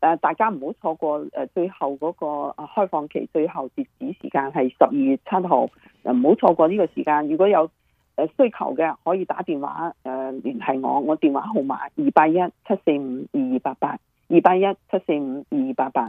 誒，大家唔好錯過誒，最後嗰個開放期最後截止時間係十二月七號，唔好錯過呢個時間。如果有誒需求嘅，可以打電話誒聯繫我，我電話號碼二八一七四五二二八八，二八一七四五二二八八。